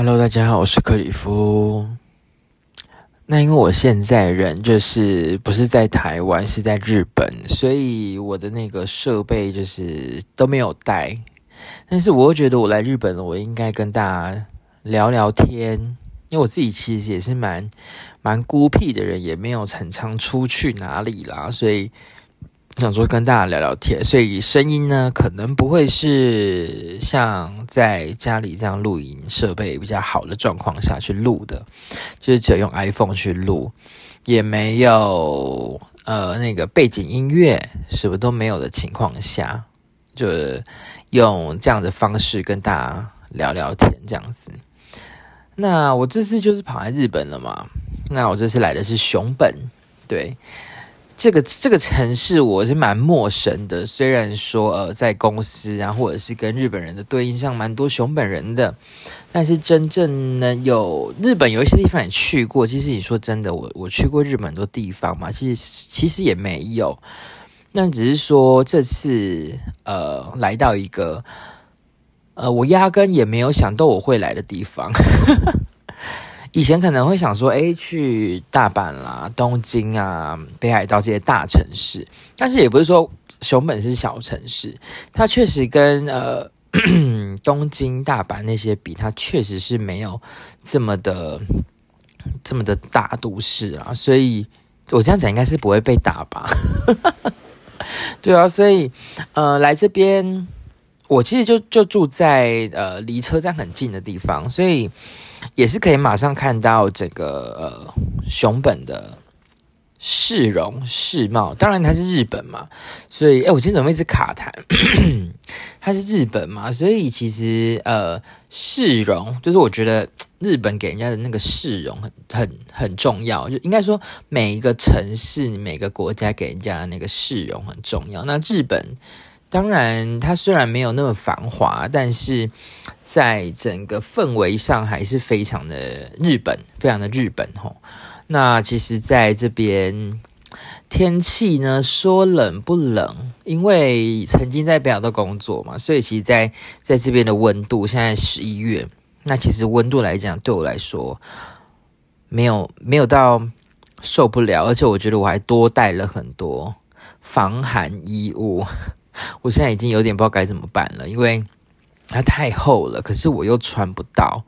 Hello，大家好，我是克里夫。那因為我現在人就是不是在台灣，是在日本，所以我的那個設備就是都沒有帶。但是我又覺得我來日本了，我應該跟大家聊聊天，因為我自己其實也是蠻蠻孤僻的人，也沒有很常出去哪裡啦，所以。想說跟大家聊聊天，所以聲音呢，可能不會是像在家裡這樣錄音設備比較好的狀況下去錄的，就是只有用 iPhone 去錄，也沒有呃那個背景音樂，什麼都沒有的情況下，就是用這樣的方式跟大家聊聊天這樣子。那我這次就是跑來日本了嘛，那我這次來的是熊本，對。這個這個城市我是蠻陌生的，雖然說呃在公司啊，或者是跟日本人的對應上蠻多熊本人的，但是真正呢有日本有一些地方也去過。其實你說真的，我我去過日本很多地方嘛，其實其實也沒有。那只是說這次呃來到一個呃我壓根也沒有想到我會來的地方。 以前可能會想說，哎、欸，去大阪啦、東京啊、北海道這些大城市，但是也不是說熊本是小城市，它確實跟呃咳咳東京、大阪那些比，它確實是沒有這麼的、這麼的大都市啦。所以我這樣講應該是不會被打吧？ 對啊，所以呃，來這邊。我其實就就住在呃離車站很近的地方，所以也是可以馬上看到這個呃熊本的市容市貌。當然它是日本嘛，所以誒，我今天怎麼會一直卡痰？它 是日本嘛，所以其實呃市容就是我覺得日本給人家的那個市容很很很重要，就應該說每一個城市、每個國家給人家的那個市容很重要。那日本。當然，它雖然沒有那麼繁華，但是在整個氛圍上還是非常的日本，非常的日本吼。那其實在這邊天氣呢，說冷不冷？因為曾經在北歐工作嘛，所以其實在在這邊的溫度，現在十一月，那其實溫度來講，對我來說沒有沒有到受不了，而且我覺得我還多帶了很多防寒衣物。我現在已經有點不知道該怎麼辦了，因為它太厚了，可是我又穿不到。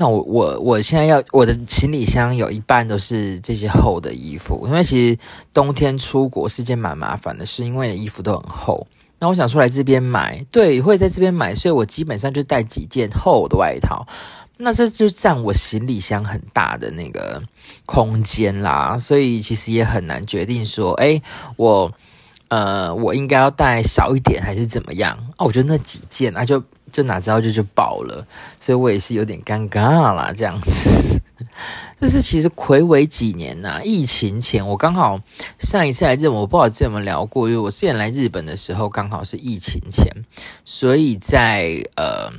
那我我我現在要我的行李箱有一半都是這些厚的衣服，因為其實冬天出國是件蠻麻煩的事，因為衣服都很厚。那我想說來這邊買，對，會在這邊買，所以我基本上就帶幾件厚的外套。那這就佔我行李箱很大的那個空間啦，所以其實也很難決定說，誒，我。呃，我應該要帶少一點還是怎麼樣？哦，我覺得那幾件啊就，就就哪知道就就爆了，所以我也是有點尷尬啦，這樣子。但 是其實暌違幾年吶、啊，疫情前我剛好上一次來日本，我不知道怎麼聊過，因為我之前來日本的時候剛好是疫情前，所以在呃，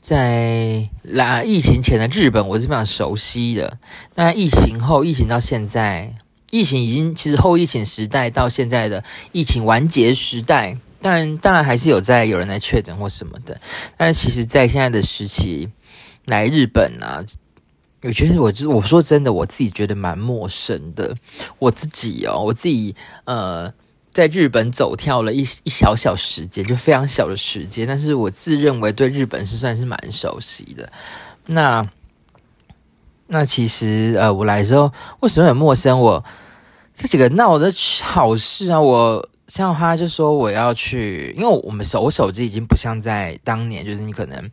在來、啊、疫情前的日本我是非常熟悉的。那疫情後，疫情到現在。疫情已經，其實後疫情時代到現在的疫情完結時代，當然當然還是有在有人來確診或什麼的。但是其實，在現在的時期來日本啊，我覺得我就我說真的，我自己覺得蠻陌生的。我自己哦，我自己呃，在日本走跳了一一小小時間，就非常小的時間，但是我自認為對日本是算是蠻熟悉的。那。那其實，呃，我來的時候為什麼很陌生？我這幾個鬧的好事啊，我像他就說我要去，因為我們手我手機已經不像在當年，就是你可能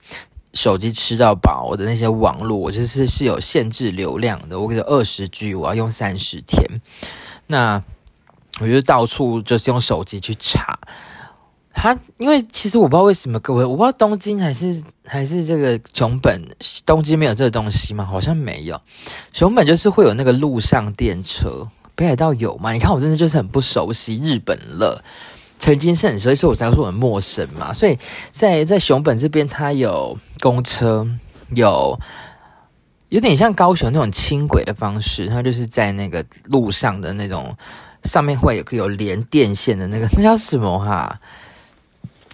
手機吃到飽的那些網絡，我就是是有限制流量的，我給他二十 G，我要用三十天，那我就到處就是用手機去查。它因為其實我不知道為什麼各位，我不知道東京還是還是這個熊本，東京沒有這個東西嘛，好像沒有。熊本就是會有那個路上電車，北海道有嘛？你看我真的就是很不熟悉日本了。曾經是很熟悉，所以我才在說我很陌生嘛。所以在在熊本這邊，它有公車，有有點像高雄那種輕軌的方式，它就是在那個路上的那種上面會有個有連電線的那個，那叫什麼哈、啊？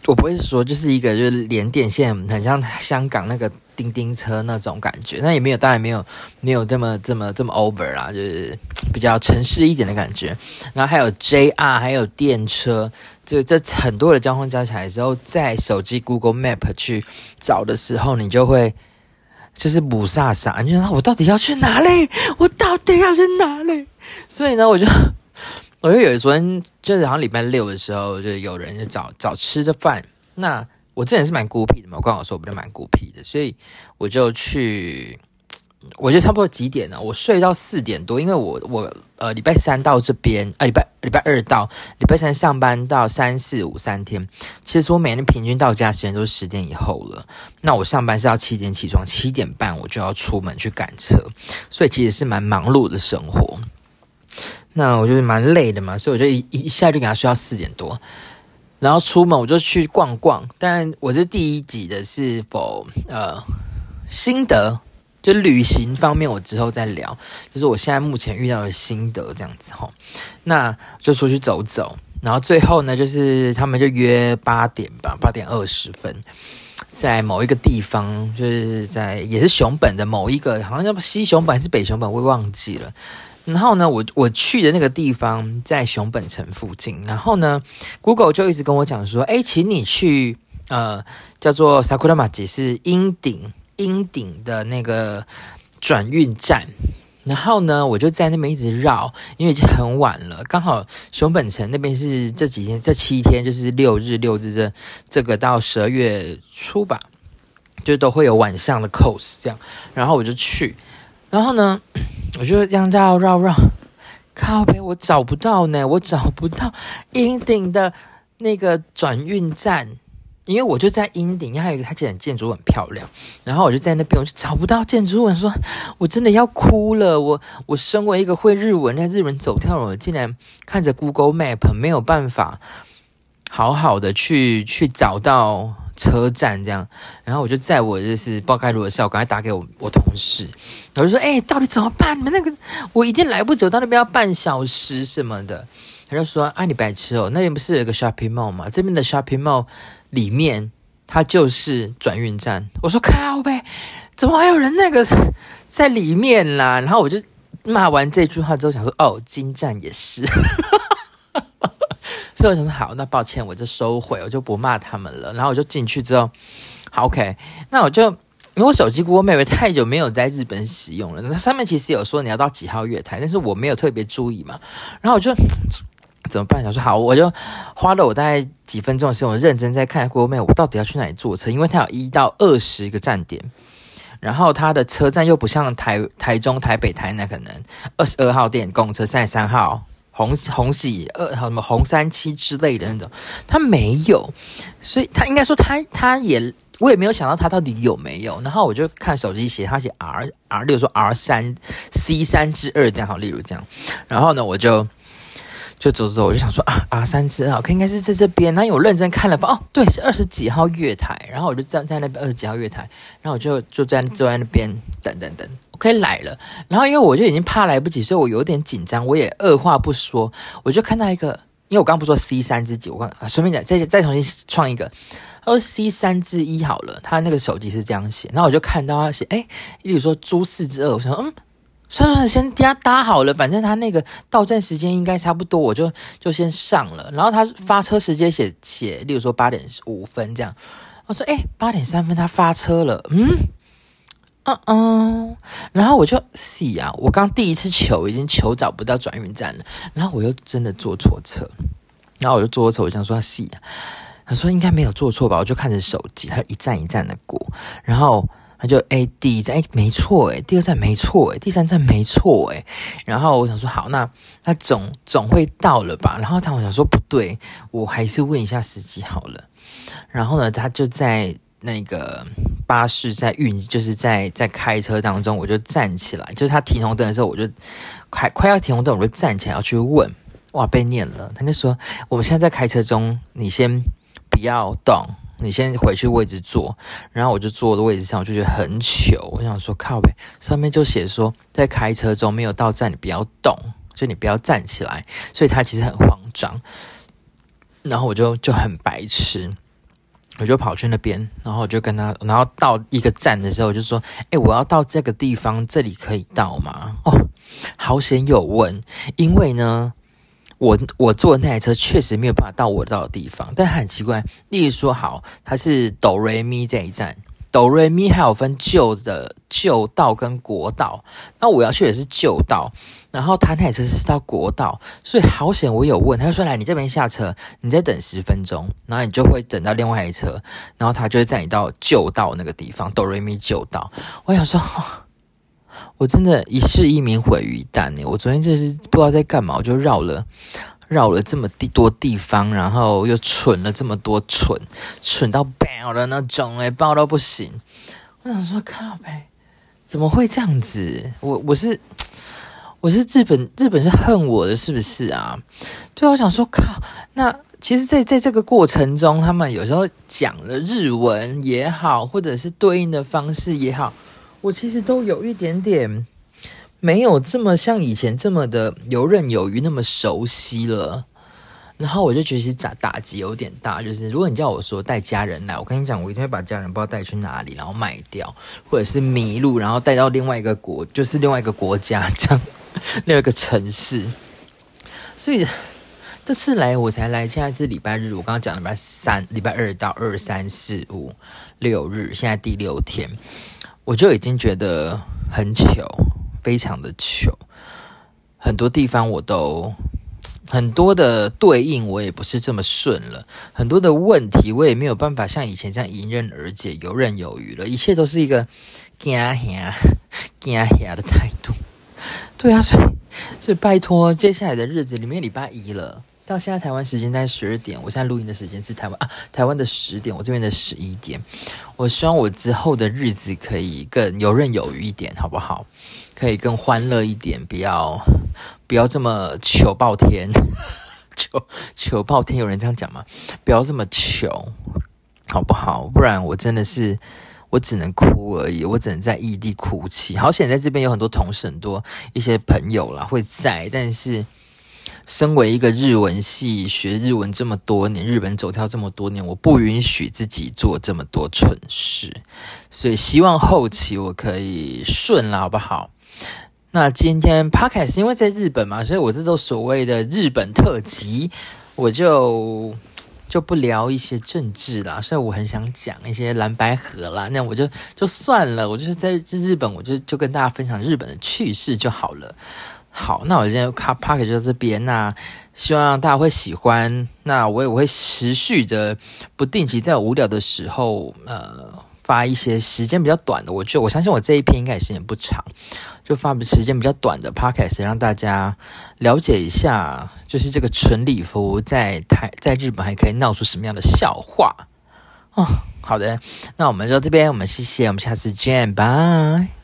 我不會說，就是一個就是連電線很像香港那個叮叮車那種感覺，那也沒有，當然沒有沒有這麼這麼這麼 over 啦，就是比較城市一點的感覺。然後還有 JR，還有電車，就這很多的交通加起來之後，在手機 Google Map 去找的時候，你就會就是霧煞煞，你就說我到底要去哪裡？我到底要去哪裡？所以呢，我就。我覺得有昨天，就是好像禮拜六的時候，就有人就找找吃的飯。那我這也是蠻孤僻的嘛，我剛好說，我不就蠻孤僻的，所以我就去，我覺得差不多幾點呢？我睡到四點多，因為我我呃禮拜三到這邊啊、呃，禮拜禮拜二到禮拜三上班到三四五三天，其實我每天平均到家時間都是十點以後了。那我上班是要七點起床，七點半我就要出門去趕車，所以其實是蠻忙碌的生活。那我就是蠻累的嘛，所以我就一一下就給他睡到四點多，然後出門我就去逛逛。但我是第一集的是否呃心得，就旅行方面我之後再聊，就是我現在目前遇到的心得這樣子齁。那就出去走走，然後最後呢，就是他們就約八點吧，八點二十分，在某一個地方，就是在也是熊本的某一個，好像叫西熊本還是北熊本，我也忘記了。然後呢，我我去的那個地方在熊本城附近。然後呢，Google 就一直跟我講說：“誒，請你去呃，叫做 Sakura Machi 是鷹頂鷹頂的那個轉運站。”然後呢，我就在那邊一直繞，因為已經很晚了。剛好熊本城那邊是這幾天這七天，就是六日六日這這個到十二月初吧，就都會有晚上的 course 這樣。然後我就去。然後呢，我就這樣繞繞繞，靠北，我找不到呢，我找不到鷹頂的那個轉運站，因為我就在鷹頂，還有一個它其實建築很漂亮，然後我就在那邊，我就找不到建築，我說我真的要哭了，我我身為一個會日文，在、那個、日本走跳了，我竟然看着 Google Map 沒有辦法好好的去去找到。車站這樣，然後我就在我就是報開魯的時候，我趕快打給我我同事，我就說哎、欸，到底怎麼辦？你們那個我一定來不及，到那邊要半小時什麼的。他就說啊，你白痴哦，那邊不是有個 shopping mall 嗎？這邊的 shopping mall 裡面它就是轉運站。我說靠唄，怎麼還有人那個在裡面啦、啊？然後我就罵完這句話之後，想說哦，京站也是。 所以我想說好，那抱歉，我就收回，我就不罵他們了。然後我就進去之後，好 OK，那我就因為我手機 Google Map 太久沒有在日本使用了，它上面其實有說你要到幾號月台，但是我沒有特別注意嘛。然後我就怎麼辦？想說好，我就花了我大概幾分鐘的時間，我認真在看 Google Map，我到底要去哪裡坐車，因為它有一到二十個站點，然後它的車站又不像台台中、台北、台南可能二十二號店公車三十三號。紅紅喜二，還、呃、什麼紅三七之類的那種，他沒有，所以他應該說他他也我也沒有想到他到底有沒有，然後我就看手機寫，他寫 R R，例如說 R 三 C 三之二這樣，好例如這樣，然後呢我就。就走，走走，我就想說啊啊，三之二啊可，應該是在這邊。然後我認真看了哦，對，是二十幾號月台。然後我就站在那邊二十幾號月台，然後我就坐在坐在那邊等等等可以，OK, 來了。然後因為我就已經怕來不及，所以我有點緊張，我也二話不說，我就看到一個，因為我剛不說 C 三之幾，9, 我剛啊，順便講，再再重新創一個，哦，C 三之一好了，他那個手機是這樣寫。然後我就看到他寫，哎、欸，例如說豬四之二，2, 我想嗯。算算先搭搭好了，反正他那個到站時間應該差不多，我就就先上了。然後他發車時間寫寫，例如說八點五分這樣。我說，誒、欸，八點三分他發車了，嗯嗯嗯。然後我就細啊，ya, 我剛第一次求，已經求找不到轉運站了。然後我又真的坐錯車，然後我就坐錯車，我想說他細啊，他說應該沒有坐錯吧？我就看着手機，他一站一站的過，然後。他就 A 第一站，誒沒錯哎，第二站沒錯哎，第三站沒錯哎，然後我想說好，那那總總會到了吧？然後他我想說不對，我還是問一下司機好了。然後呢，他就在那個巴士在運，就是在在開車當中，我就站起來，就是他停紅燈的時候，我就快快要停紅燈，我就站起來要去問，哇，被念了，他就說我們現在在開車中，你先不要動。你先回去位置坐，然後我就坐的位置上，我就覺得很糗。我想說靠北，上面就寫說在開車中沒有到站，你不要動，就你不要站起來。所以他其實很慌張，然後我就就很白痴，我就跑去那邊，然後我就跟他，然後到一個站的時候，我就說：“哎，我要到這個地方，這裡可以到嗎？”哦，好險有問，因為呢。我我坐的那台車確實沒有辦法到我到的、的地方，但很奇怪，例如說，好，它是哆瑞咪這一站，哆瑞咪還有分舊的舊道跟國道，那我要去也是舊道，然後他那台車是到國道，所以好險，我有問，他說，來，你這邊下車，你再等十分鐘，然後你就會等到另外一台車，然後他就會載你到舊道那個地方，哆瑞咪舊道，我想說，哦我真的一世英名毀於一旦耶！我昨天就是不知道在幹嘛，我就繞了繞了這麼地多地方，然後又蠢了這麼多蠢，蠢到爆的那種哎，爆到不行！我想說靠北，怎麼會這樣子？我我是我是日本，日本是恨我的，是不是啊？對，我想說靠，那其實在，在在這個過程中，他們有時候講了日文也好，或者是對應的方式也好。我其實都有一點點沒有這麼像以前這麼的游刃有餘，那麼熟悉了。然後我就覺得其實打打擊有點大。就是如果你叫我說帶家人來，我跟你講，我一定會把家人不知道帶去哪裡，然後賣掉，或者是迷路，然後帶到另外一個國，就是另外一個國家這樣，另外一個城市。所以這次來我才來，現在是禮拜日。我剛剛講了，禮拜三、禮拜二到二三四五六日，現在第六天。我就已經覺得很糗，非常的糗，很多地方我都很多的對應我也不是這麼順了，很多的問題我也沒有辦法像以前這樣迎刃而解，游刃有餘了，一切都是一個驚嚇驚嚇的態度。對啊，所以所以拜託，接下來的日子裡面，禮拜一了。到現在台灣時間大概十二點，我現在錄音的時間是台灣啊，台灣的十點，我這邊的十一點。我希望我之後的日子可以更游刃有餘一點，好不好？可以更歡樂一點，不要不要這麼求暴天，求求暴天，有人這樣講嗎？不要這麼求，好不好？不然我真的是我只能哭而已，我只能在異地哭泣。好險，在這邊有很多同事、很多一些朋友啦會在，但是。身為一個日文系，學日文這麼多年，日本走跳這麼多年，我不允許自己做這麼多蠢事，所以希望後期我可以順啦，好不好？那今天 Podcast 因為在日本嘛，所以我這都所謂的日本特輯，我就就不聊一些政治啦，所以我很想講一些藍白合啦，那我就就算了，我就是在日本，我就就跟大家分享日本的趣事就好了。好，那我今天看 podcast 就到這邊，那希望大家會喜歡。那我也我會持續的不定期在無聊的時候，呃，發一些時間比較短的。我就我相信我這一篇應該也時間不長，就發時間比較短的 podcast 讓大家了解一下，就是這個純里夫在台在日本還可以鬧出什麼樣的笑話哦。好的，那我們就到這邊，我們謝謝，我們下次見，拜。